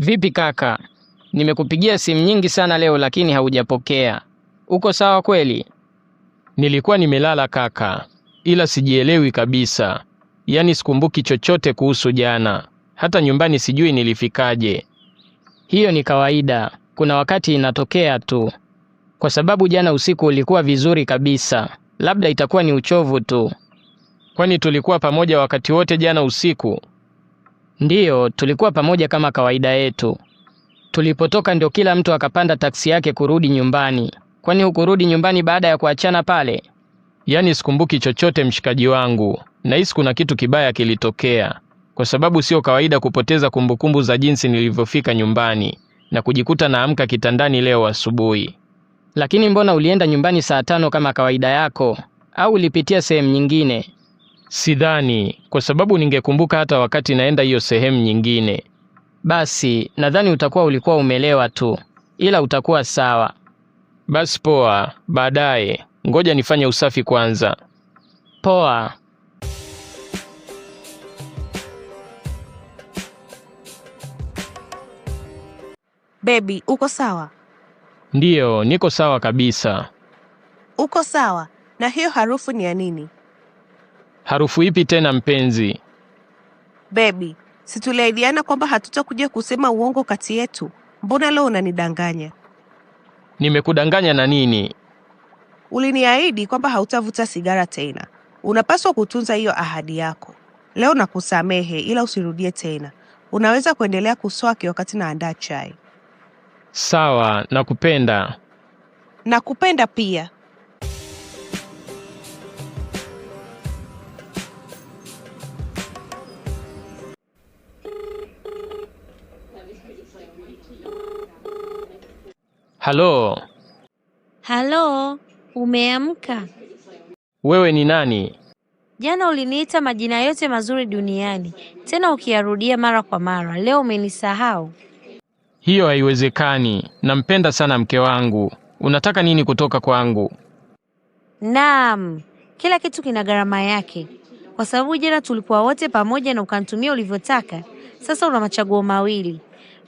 Vipi kaka, nimekupigia simu nyingi sana leo lakini haujapokea. Uko sawa kweli? Nilikuwa nimelala kaka, ila sijielewi kabisa, yaani sikumbuki chochote kuhusu jana. Hata nyumbani sijui nilifikaje. Hiyo ni kawaida, kuna wakati inatokea tu. Kwa sababu jana usiku ulikuwa vizuri kabisa, labda itakuwa ni uchovu tu. Kwani tulikuwa pamoja wakati wote jana usiku? Ndiyo, tulikuwa pamoja kama kawaida yetu. Tulipotoka ndio kila mtu akapanda taksi yake kurudi nyumbani. Kwani hukurudi nyumbani baada ya kuachana pale? Yaani sikumbuki chochote mshikaji wangu. Nahisi kuna kitu kibaya kilitokea, kwa sababu sio kawaida kupoteza kumbukumbu za jinsi nilivyofika nyumbani na kujikuta naamka kitandani leo asubuhi. Lakini mbona ulienda nyumbani saa tano kama kawaida yako, au ulipitia sehemu nyingine? Sidhani, kwa sababu ningekumbuka hata wakati naenda hiyo sehemu nyingine. Basi nadhani utakuwa ulikuwa umelewa tu, ila utakuwa sawa. Basi poa, baadaye. Ngoja nifanye usafi kwanza. Poa. Bebi, uko sawa? Ndiyo, niko sawa kabisa. Uko sawa? Na hiyo harufu ni ya nini? Harufu ipi tena mpenzi? Bebi, si tuliahidiana kwamba hatutakuja kusema uongo kati yetu? Mbona leo unanidanganya? Nimekudanganya na nini? Uliniahidi kwamba hautavuta sigara tena. Unapaswa kutunza hiyo ahadi yako. Leo nakusamehe, ila usirudie tena. Unaweza kuendelea kuswaki wakati naandaa chai. Sawa, nakupenda. Nakupenda pia. Halo. Halo, umeamka? Wewe ni nani? Jana uliniita majina yote mazuri duniani, tena ukiyarudia mara kwa mara. Leo umenisahau? Hiyo haiwezekani. Nampenda sana mke wangu. Unataka nini kutoka kwangu? Naam, kila kitu kina gharama yake. Kwa sababu jana tulikuwa wote pamoja na ukanitumia ulivyotaka, sasa una machaguo mawili: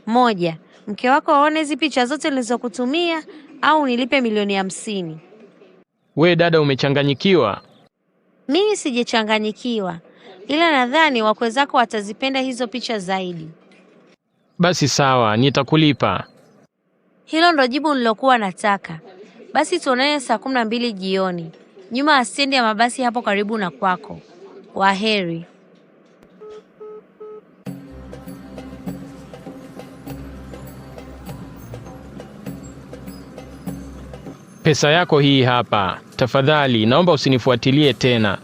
moja, mke wako aone hizi picha zote nilizokutumia au nilipe milioni hamsini. We dada, umechanganyikiwa? Mimi sijachanganyikiwa, ila nadhani wakwe zako watazipenda hizo picha zaidi. Basi sawa, nitakulipa. Hilo ndo jibu nilokuwa nataka. Basi tuonane saa kumi na mbili jioni nyuma ya stendi ya mabasi hapo karibu na kwako. Waheri. pesa yako hii hapa, tafadhali naomba usinifuatilie tena.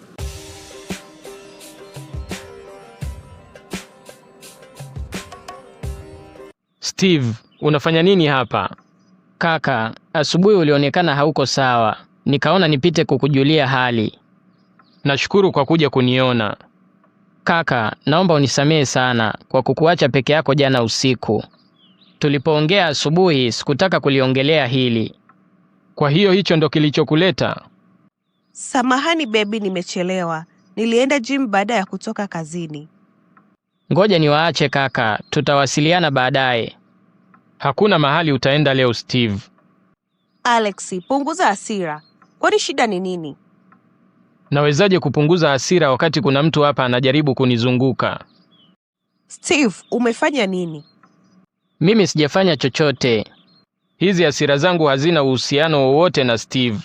Steve, unafanya nini hapa? Kaka, asubuhi ulionekana hauko sawa, nikaona nipite kukujulia hali. Nashukuru kwa kuja kuniona. Kaka, naomba unisamehe sana kwa kukuacha peke yako jana usiku. Tulipoongea asubuhi, sikutaka kuliongelea hili. Kwa hiyo hicho ndo kilichokuleta? Samahani bebi, nimechelewa. Nilienda gym baada ya kutoka kazini. Ngoja niwaache kaka, tutawasiliana baadaye. Hakuna mahali utaenda leo Steve. Alexi, punguza hasira. Kwani shida ni nini? Nawezaje kupunguza hasira wakati kuna mtu hapa anajaribu kunizunguka? Steve, umefanya nini? Mimi sijafanya chochote. Hizi hasira zangu hazina uhusiano wowote na Steve.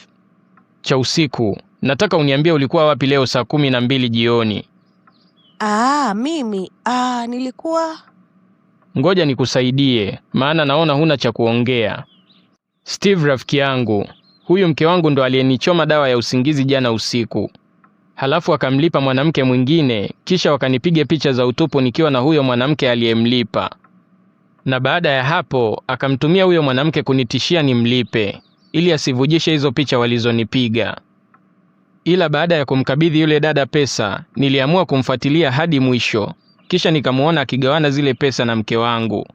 Cha usiku, nataka uniambie ulikuwa wapi leo saa kumi na mbili jioni? Aa, ah, mimi aa, ah, nilikuwa ngoja nikusaidie, maana naona huna cha kuongea. Steve rafiki yangu huyu, mke wangu ndo aliyenichoma dawa ya usingizi jana usiku, halafu akamlipa mwanamke mwingine, kisha wakanipiga picha za utupu nikiwa na huyo mwanamke aliyemlipa na baada ya hapo akamtumia huyo mwanamke kunitishia nimlipe ili asivujishe hizo picha walizonipiga. Ila baada ya kumkabidhi yule dada pesa, niliamua kumfuatilia hadi mwisho, kisha nikamwona akigawana zile pesa na mke wangu.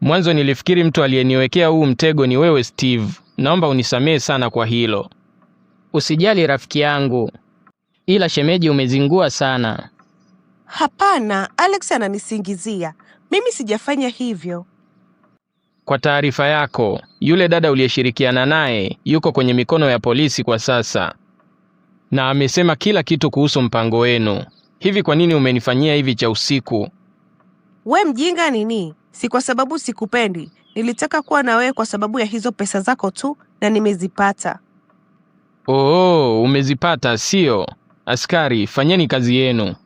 Mwanzo nilifikiri mtu aliyeniwekea huu mtego ni wewe Steve, naomba unisamehe sana kwa hilo. Usijali rafiki yangu, ila shemeji, umezingua sana. Hapana, Alex ananisingizia mimi sijafanya hivyo. Kwa taarifa yako, yule dada uliyeshirikiana naye yuko kwenye mikono ya polisi kwa sasa, na amesema kila kitu kuhusu mpango wenu. Hivi kwa nini umenifanyia hivi cha usiku? We mjinga nini? Si kwa sababu sikupendi, nilitaka kuwa na wewe kwa sababu ya hizo pesa zako tu, na nimezipata. Oo, umezipata sio? Askari, fanyeni kazi yenu.